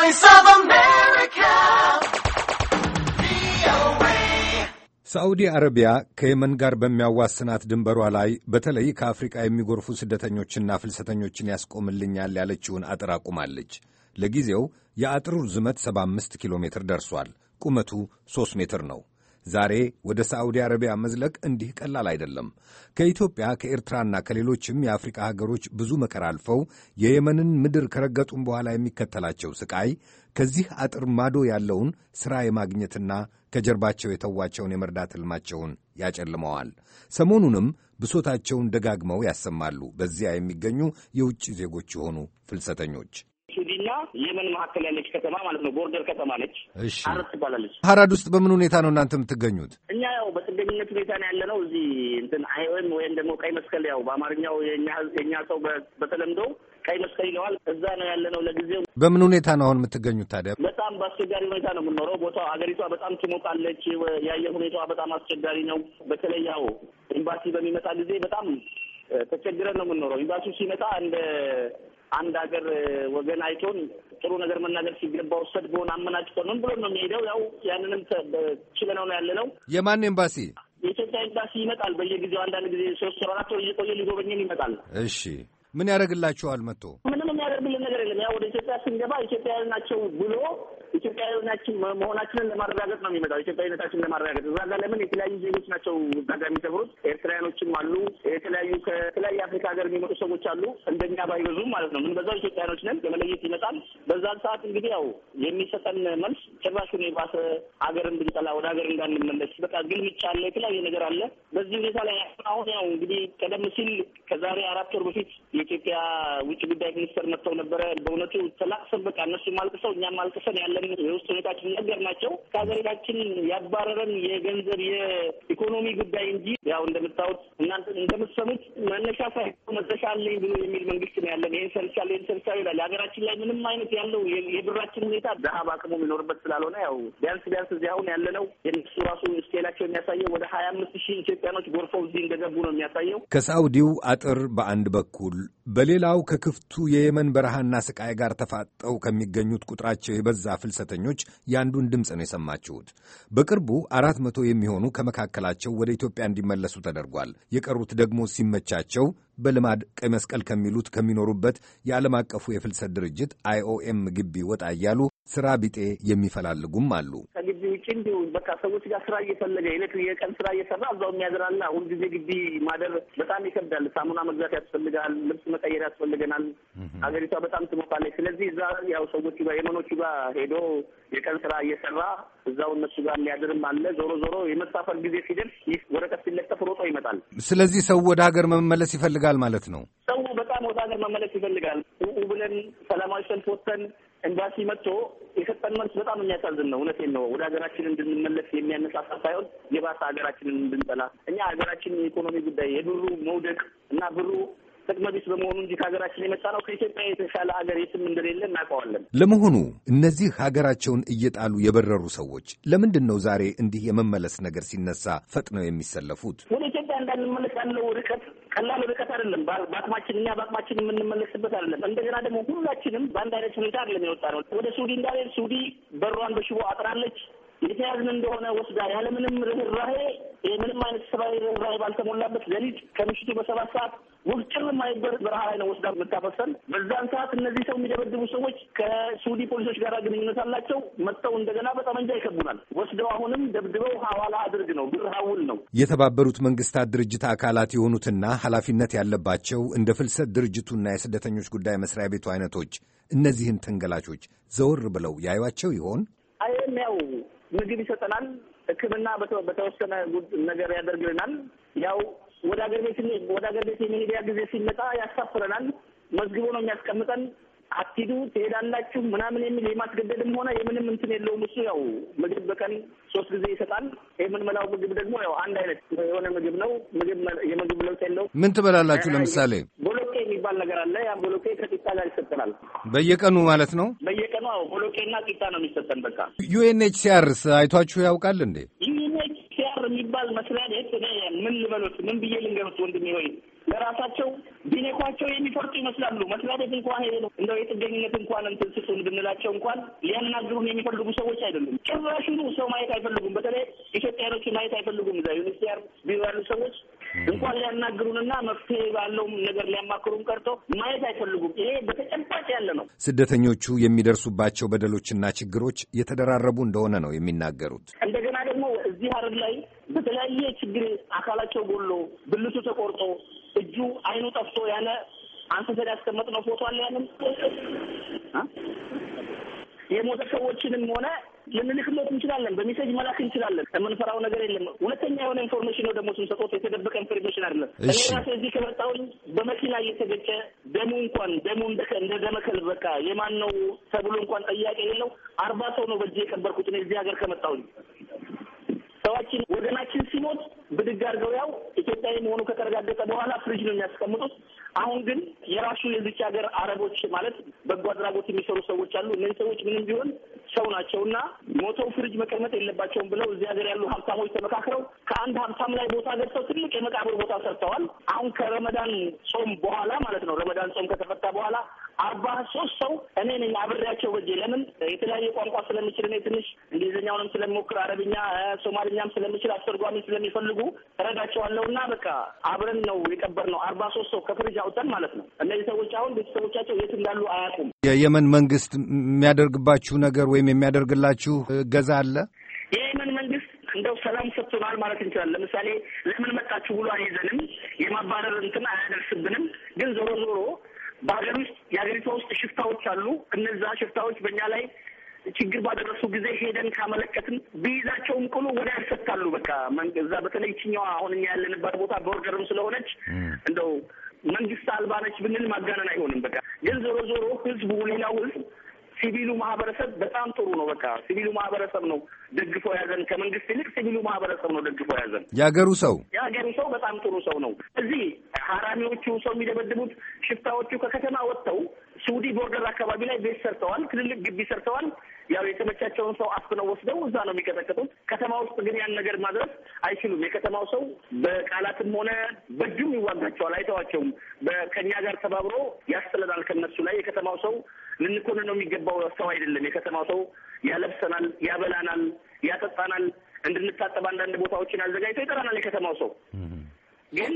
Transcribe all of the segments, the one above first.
Voice of America. ሳዑዲ አረቢያ ከየመን ጋር በሚያዋስናት ድንበሯ ላይ በተለይ ከአፍሪቃ የሚጎርፉ ስደተኞችና ፍልሰተኞችን ያስቆምልኛል ያለችውን አጥር አቁማለች። ለጊዜው የአጥሩ ርዝመት 75 ኪሎ ሜትር ደርሷል። ቁመቱ 3 ሜትር ነው። ዛሬ ወደ ሳዑዲ አረቢያ መዝለቅ እንዲህ ቀላል አይደለም። ከኢትዮጵያ ከኤርትራና ከሌሎችም የአፍሪካ ሀገሮች ብዙ መከራ አልፈው የየመንን ምድር ከረገጡም በኋላ የሚከተላቸው ስቃይ ከዚህ አጥር ማዶ ያለውን ሥራ የማግኘትና ከጀርባቸው የተዋቸውን የመርዳት ሕልማቸውን ያጨልመዋል። ሰሞኑንም ብሶታቸውን ደጋግመው ያሰማሉ በዚያ የሚገኙ የውጭ ዜጎች የሆኑ ፍልሰተኞች ሳውዲና የመን መካከል ያለች ከተማ ማለት ነው። ቦርደር ከተማ ነች። ሀረር ትባላለች። ሀራድ ውስጥ በምን ሁኔታ ነው እናንተ የምትገኙት? እኛ ያው በጥገኝነት ሁኔታ ነው ያለ ነው። እዚህ እንትን አይኦኤም ወይም ደግሞ ቀይ መስቀል ያው በአማርኛው የእኛ ሰው በተለምዶ ቀይ መስቀል ይለዋል። እዛ ነው ያለ ነው ለጊዜው። በምን ሁኔታ ነው አሁን የምትገኙት ታዲያ? በጣም በአስቸጋሪ ሁኔታ ነው የምኖረው ቦታ ሀገሪቷ በጣም ትሞቃለች። የአየር ሁኔታዋ በጣም አስቸጋሪ ነው። በተለይ ያው ኤምባሲ በሚመጣ ጊዜ በጣም ተቸግረን ነው የምንኖረው። ኤምባሲው ሲመጣ እንደ አንድ ሀገር ወገን አይቶን ጥሩ ነገር መናገር ሲገባ ወሰድ በሆን አመናጭቆን ምን ብሎ ነው የሚሄደው? ያው ያንንም ችለነው ነው ያለ ነው። የማን ኤምባሲ? የኢትዮጵያ ኤምባሲ ይመጣል በየጊዜው አንዳንድ ጊዜ ሶስት ወር አራት ወር እየቆየ ሊጎበኘን ይመጣል። እሺ ምን ያደርግላችኋል? መጥቶ ምንም የሚያደርግልን ነገር የለም። ያው ወደ ኢትዮጵያ ስንገባ ኢትዮጵያውያን ናቸው ብሎ ኢትዮጵያ ኢትዮጵያዊናችን መሆናችንን ለማረጋገጥ ነው የሚመጣው። ኢትዮጵያዊነታችን ለማረጋገጥ እዛ ጋር ለምን የተለያዩ ዜጎች ናቸው እዛ ጋር የሚሰፍሩት? ኤርትራውያኖችም አሉ፣ የተለያዩ ከተለያየ አፍሪካ ሀገር የሚመጡ ሰዎች አሉ። እንደኛ ባይበዙም ማለት ነው። ምንበዛው ኢትዮጵያውያኖች ነን። ለመለየት ይመጣል። በዛን ሰዓት እንግዲህ ያው የሚሰጠን መልስ ጭራሹን የባሰ ሀገር እንድንጠላ ወደ ሀገር እንዳንመለስ በቃ ግልምጫ አለ፣ የተለያየ ነገር አለ። በዚህ ሁኔታ ላይ አሁን ያው እንግዲህ ቀደም ሲል ከዛሬ አራት ወር በፊት የኢትዮጵያ ውጭ ጉዳይ ሚኒስትር መጥተው ነበረ። በእውነቱ ተላቅሰን በቃ እነሱ ማልቅሰው እኛም ማልቅሰን ያለን የውስጥ ሁኔታችን ነገር ናቸው። ከሀገሪታችን ያባረረን የገንዘብ የኢኮኖሚ ጉዳይ እንጂ ያው እንደምታዩት እናንተ እንደምትሰሙት መነሻ ሳይ መድረሻ አለኝ ብሎ የሚል መንግስት ነው ያለን። ይህን ሰርቻለሁ ይህን ሰርቻለሁ ይላል። የሀገራችን ላይ ምንም አይነት ያለው የብራችን ሁኔታ ድሀ በአቅሙ የሚኖርበት ስላልሆነ ያው ቢያንስ ቢያንስ እዚህ አሁን ያለነው የእነሱ ራሱ ስኬላቸው የሚያሳየው ወደ ሀያ አምስት ሺህ ኢትዮጵያኖች ጎርፈው እዚህ እንደገቡ ነው የሚያሳየው። ከሳውዲው አጥር በአንድ በኩል በሌላው ከክፍቱ የየመን በረሃና ስቃይ ጋር ተፋጠው ከሚገኙት ቁጥራቸው የበዛ ፍልሰተኞች የአንዱን ድምፅ ነው የሰማችሁት። በቅርቡ አራት መቶ የሚሆኑ ከመካከላቸው ወደ ኢትዮጵያ እንዲመለሱ ተደርጓል። የቀሩት ደግሞ ሲመቻቸው በልማድ ቀይ መስቀል ከሚሉት ከሚኖሩበት የዓለም አቀፉ የፍልሰት ድርጅት አይኦኤም ግቢ ወጣ እያሉ ስራ ቢጤ የሚፈላልጉም አሉ። ከግቢ ውጭ እንዲሁ በቃ ሰዎች ጋር ስራ እየፈለገ የዕለት የቀን ስራ እየሰራ እዛው የሚያድራልና ሁልጊዜ ግቢ ማደር በጣም ይከብዳል። ሳሙና መግዛት ያስፈልጋል፣ ልብስ መቀየር ያስፈልገናል። ሀገሪቷ በጣም ትሞታለች። ስለዚህ እዛ ያው ሰዎቹ ጋር የመኖቹ ጋር ሄዶ የቀን ስራ እየሰራ እዛው እነሱ ጋር የሚያድርም አለ። ዞሮ ዞሮ የመሳፈር ጊዜ ሲደርስ ይህ ወረቀት ሲለጠፍ ሮጦ ይመጣል። ስለዚህ ሰው ወደ ሀገር መመለስ ይፈልጋል ማለት ነው። ሰው በጣም ወደ ሀገር መመለስ ይፈልጋል። ብለን ሰላማዊ ሰልፍ ወጥተን ኤምባሲ መጥቶ የሰጠን መልስ በጣም የሚያሳዝን ነው። እውነቴን ነው። ወደ ሀገራችን እንድንመለስ የሚያነሳሳ ሳይሆን የባሰ ሀገራችንን እንድንጠላ እኛ ሀገራችን የኢኮኖሚ ጉዳይ የብሩ መውደቅ እና ብሩ ጥቅመቢስ በመሆኑ እንጂ ከሀገራችን የመጣ ነው። ከኢትዮጵያ የተሻለ ሀገር የትም እንደሌለ እናውቀዋለን። ለመሆኑ እነዚህ ሀገራቸውን እየጣሉ የበረሩ ሰዎች ለምንድን ነው ዛሬ እንዲህ የመመለስ ነገር ሲነሳ ፈጥነው የሚሰለፉት? ወደ ኢትዮጵያ እንዳንመለስ ያለው ርቀት ቀላል ርቀት አይደለም። በአቅማችን እኛ በአቅማችን የምንመለስበት አይደለም። እንደገና ደግሞ ሁላችንም በአንድ አይነት ሁኔታ አይደለም የወጣ ነው። ወደ ሱዲ እንዳለ ሱዲ በሯን በሽቦ አጥራለች። የተያዝን እንደሆነ ወስዳ ያለምንም ርኅራሄ ምንም አይነት ሰብአዊ ርኅራሄ ባልተሞላበት ሌሊት ከምሽቱ በሰባት ሰዓት ውቅጭር የማይበር በረሃ ላይ ነው ወስዳ የምታፈሰን። በዛን ሰዓት እነዚህ ሰው የሚደበድቡ ሰዎች ከሱዲ ፖሊሶች ጋር ግንኙነት አላቸው። መጥተው እንደገና በጠመንጃ ይከቡናል። ወስደው አሁንም ደብድበው ሀዋላ አድርግ ነው ብር ሀውል ነው። የተባበሩት መንግስታት ድርጅት አካላት የሆኑትና ኃላፊነት ያለባቸው እንደ ፍልሰት ድርጅቱና የስደተኞች ጉዳይ መስሪያ ቤቱ አይነቶች እነዚህን ተንገላቾች ዘወር ብለው ያዩቸው ይሆን? አይም ያው ምግብ ይሰጠናል፣ ሕክምና በተወሰነ ነገር ያደርግልናል። ያው ወደ ሀገር ቤት ወደ ሀገር ቤት የመሄድያ ጊዜ ሲመጣ ያሳፍረናል። መዝግቦ ነው የሚያስቀምጠን። አትሂዱ ትሄዳላችሁ ምናምን የሚል የማስገደድም ሆነ የምንም እንትን የለውም። እሱ ያው ምግብ በቀን ሶስት ጊዜ ይሰጣል። የምንመላው ምግብ ደግሞ ያው አንድ አይነት የሆነ ምግብ ነው። ምግብ የምግብ ለውጥ የለው። ምን ትበላላችሁ? ለምሳሌ ቦሎቄ የሚባል ነገር አለ። ያ ቦሎቄ ከቂጣ ጋር ይሰጠናል በየቀኑ ማለት ነው። አዎ ቦሎቄና ቂጣ ነው የሚሰጠን። በቃ ዩኤንኤችሲአርስ አይቷችሁ ያውቃል እንዴ? ዩኤንኤችሲአር የሚባል መስሪያ ቤት ምን ልበሉት፣ ምን ብዬ ልንገሩት ወንድሜ ሆይ ለራሳቸው ቢኔኳቸው የሚፈርጡ ይመስላሉ። መስሪያ ቤት እንኳ እንደው የጥገኝነት እንኳን እንትን ስጡን ብንላቸው እንኳን ሊያናግሩን የሚፈልጉ ሰዎች አይደሉም። ጭራሹኑ ሰው ማየት አይፈልጉም። በተለይ ኢትዮጵያኖች ማየት አይፈልጉም። እዛ ዩኒስቲያር ቢሮ ያሉ ሰዎች እንኳን ሊያናግሩንና መፍትሄ ባለውም ነገር ሊያማክሩን ቀርቶ ማየት አይፈልጉም። ይሄ በተጨ ስደተኞቹ የሚደርሱባቸው በደሎችና ችግሮች የተደራረቡ እንደሆነ ነው የሚናገሩት። እንደገና ደግሞ እዚህ ሀረር ላይ በተለያየ ችግር አካላቸው ጎሎ ብልቱ ተቆርጦ እጁ አይኑ ጠፍቶ ያለ አንስሰን ያስቀመጥነው ፎቶ አለ ያለን የሞተ ሰዎችንም ሆነ ልንልክሎት እንችላለን። በሜሴጅ መላክ እንችላለን። የምንፈራው ነገር የለም። ሁለተኛ የሆነ ኢንፎርሜሽን ነው ደግሞ ስንሰጦት የተደበቀ ኢንፎርሜሽን አይደለም። እኔ ራሴ እዚህ ከመጣሁኝ በመኪና እየተገጨ ደሙ እንኳን ደሙ እንደ ደመከል በቃ የማን ነው ተብሎ እንኳን ጥያቄ የሌለው አርባ ሰው ነው በእጅ የቀበርኩት እኔ እዚህ ሀገር ከመጣሁኝ ወገናችን ሲሞት ብድግ አድርገው ያው ኢትዮጵያዊ መሆኑ ከተረጋገጠ በኋላ ፍሪጅ ነው የሚያስቀምጡት። አሁን ግን የራሱ የዚች ሀገር አረቦች ማለት በጎ አድራጎት የሚሰሩ ሰዎች አሉ። እነዚህ ሰዎች ምንም ቢሆን ሰው ናቸው እና ሞተው ፍሪጅ መቀመጥ የለባቸውም ብለው እዚህ ሀገር ያሉ ሀብታሞች ተመካክረው ከአንድ ሀብታም ላይ ቦታ ገብተው ትልቅ የመቃብር ቦታ ሰርተዋል። አሁን ከረመዳን ጾም በኋላ ማለት ነው ረመዳን ጾም ከተፈታ በኋላ አርባ ሶስት ሰው እኔ ነኝ አብሬያቸው ወጄ ለምን የተለያየ ቋንቋ ስለሚችል እኔ ትንሽ እንግሊዝኛውንም ስለሚሞክር አረብኛ፣ ሶማልኛም ስለሚችል አስተርጓሚ ስለሚፈልጉ እረዳቸዋለሁ እና በቃ አብረን ነው የቀበርነው። አርባ ሶስት ሰው ከፍሪጅ አውጠን ማለት ነው። እነዚህ ሰዎች አሁን ቤተሰቦቻቸው የት እንዳሉ አያውቁም። የየመን መንግስት የሚያደርግባችሁ ነገር ወይም የሚያደርግላችሁ እገዛ አለ? የየመን መንግስት እንደው ሰላም ሰጥቶናል ማለት እንችላለን። ለምሳሌ ለምን መጣችሁ ብሎ አይዘንም፣ የማባረር እንትን አያደርስብንም። ግን ዞሮ ዞሮ በሀገር ውስጥ የሀገሪቷ ውስጥ ሽፍታዎች አሉ። እነዛ ሽፍታዎች በእኛ ላይ ችግር ባደረሱ ጊዜ ሄደን ካመለከትን ብይዛቸውም ቅሉ ወደ ያሰታሉ። በቃ እዛ በተለይ ችኛዋ አሁን እኛ ያለንባት ቦታ ቦርደርም ስለሆነች እንደው መንግስት አልባ ነች ብንል ማጋነን አይሆንም። በቃ ግን ዞሮ ዞሮ ህዝቡ ሌላው ህዝብ ሲቪሉ ማህበረሰብ በጣም ጥሩ ነው። በቃ ሲቪሉ ማህበረሰብ ነው ደግፎ ያዘን። ከመንግስት ይልቅ ሲቪሉ ማህበረሰብ ነው ደግፎ ያዘን። የሀገሩ ሰው የሀገሩ ሰው በጣም ጥሩ ሰው ነው። እዚህ ሀራሚዎቹ ሰው የሚደበድቡት ሽፍታዎቹ ከከተማ ወጥተው ሱዲ ቦርደር አካባቢ ላይ ቤት ሰርተዋል። ትልልቅ ግቢ ሰርተዋል። ያው የተመቻቸውን ሰው አፍነው ወስደው እዛ ነው የሚቀጠቀጡት። ከተማ ውስጥ ግን ያን ነገር ማድረስ አይችሉም። የከተማው ሰው በቃላትም ሆነ በእጁም ይዋጋቸዋል። አይተዋቸውም። ከእኛ ጋር ተባብሮ ያስጥለናል ከነሱ ላይ የከተማው ሰው ነው የሚገባው ሰው አይደለም። የከተማው ሰው ያለብሰናል፣ ያበላናል፣ ያጠጣናል፣ እንድንታጠብ አንዳንድ ቦታዎችን አዘጋጅቶ ይጠራናል። የከተማው ሰው ግን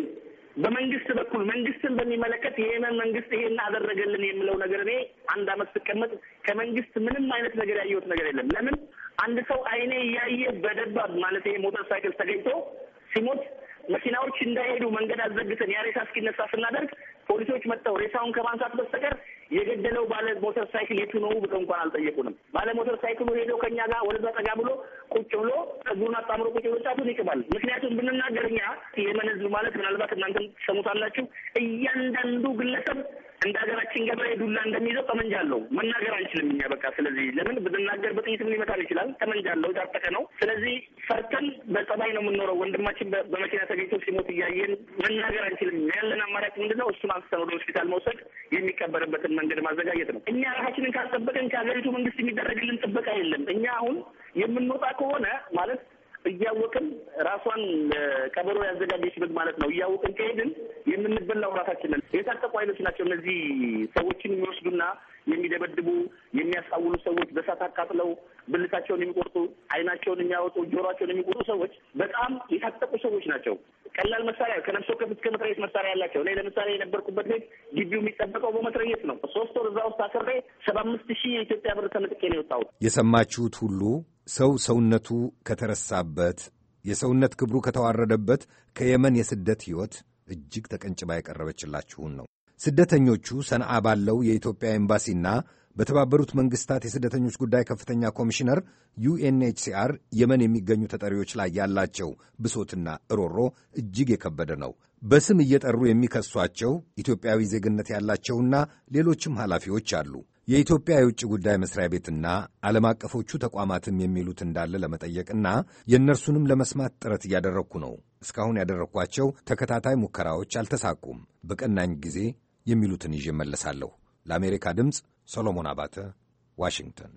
በመንግስት በኩል መንግስትን በሚመለከት የየመን መንግስት ይሄን አደረገልን የምለው ነገር እኔ አንድ አመት ስቀመጥ ከመንግስት ምንም አይነት ነገር ያየሁት ነገር የለም። ለምን አንድ ሰው አይኔ እያየ በደባብ ማለት ይሄ ሞተር ሳይክል ተገኝቶ ሲሞት መኪናዎች እንዳይሄዱ መንገድ አዘግተን ያ ሬሳ እስኪነሳ ስናደርግ ፖሊሶች መጥተው ሬሳውን ከማንሳት ሞተር ሳይክል የቱ ነው ብለው እንኳን አልጠየቁንም። ባለ ሞተር ሳይክሉ ሄደው ከኛ ጋር ወደዛ ጠጋ ብሎ ቁጭ ብሎ ጸጉሩን አጣምሮ ቁጭ ብሎ ጫቱን ይቅማል። ምክንያቱም ብንናገር እኛ የመን ህዝብ ማለት ምናልባት እናንተም ትሰሙታላችሁ እያንዳንዱ ግለሰብ እንደ ሀገራችን ገበሬ ዱላ እንደሚይዘው ጠመንጃ አለው። መናገር አንችልም እኛ በቃ። ስለዚህ ለምን ብንናገር በጥይትም ሊመታን ይችላል። ጠመንጃ አለው፣ የታጠቀ ነው። ስለዚህ ፈርተን በጸባይ ነው የምንኖረው። ወንድማችን በመኪና ተገኝቶ ሲሞት እያየን መናገር አንችልም። ያለን አማራጭ ምንድነው? እሱን አንስተን ወደ ሆስፒታል መውሰድ የሚቀበርበትን መንገድ ማዘጋጀት ነው። እኛ ራሳችንን ካልጠበቅን ከሀገሪቱ መንግስት የሚደረግልን ጥበቃ የለም። እኛ አሁን የምንወጣ ከሆነ ማለት እያወቅን ራሷን ቀበሮ ያዘጋጀች በግ ማለት ነው። እያወቅን ከሄድን የምንበላው ራሳችንን። የታጠቁ ኃይሎች ናቸው እነዚህ ሰዎችን የሚወስዱና የሚደበድቡ የሚያስታውሉ ሰዎች በሳት አቃጥለው ብልታቸውን የሚቆርጡ አይናቸውን የሚያወጡ ጆሮቸውን የሚቆርጡ ሰዎች በጣም የታጠቁ ሰዎች ናቸው። ቀላል መሳሪያ ከነፍስ ወከፍ እስከ መትረየስ መሳሪያ ያላቸው። እኔ ለምሳሌ የነበርኩበት ቤት ግቢው የሚጠበቀው በመትረየስ ነው። ሶስት ወር እዛ ውስጥ አስሬ ሰባ አምስት ሺህ የኢትዮጵያ ብር ተመጥቄ ነው የወጣሁት። የሰማችሁት ሁሉ ሰው ሰውነቱ ከተረሳበት የሰውነት ክብሩ ከተዋረደበት ከየመን የስደት ሕይወት እጅግ ተቀንጭባ የቀረበችላችሁን ነው። ስደተኞቹ ሰንዓ ባለው የኢትዮጵያ ኤምባሲና በተባበሩት መንግስታት የስደተኞች ጉዳይ ከፍተኛ ኮሚሽነር ዩኤንኤችሲአር የመን የሚገኙ ተጠሪዎች ላይ ያላቸው ብሶትና እሮሮ እጅግ የከበደ ነው። በስም እየጠሩ የሚከሷቸው ኢትዮጵያዊ ዜግነት ያላቸውና ሌሎችም ኃላፊዎች አሉ። የኢትዮጵያ የውጭ ጉዳይ መስሪያ ቤትና ዓለም አቀፎቹ ተቋማትም የሚሉት እንዳለ ለመጠየቅና የእነርሱንም ለመስማት ጥረት እያደረግኩ ነው። እስካሁን ያደረግኳቸው ተከታታይ ሙከራዎች አልተሳኩም። በቀናኝ ጊዜ የሚሉትን ይዤ መለሳለሁ። ለአሜሪካ ድምፅ ሰሎሞን አባተ ዋሽንግተን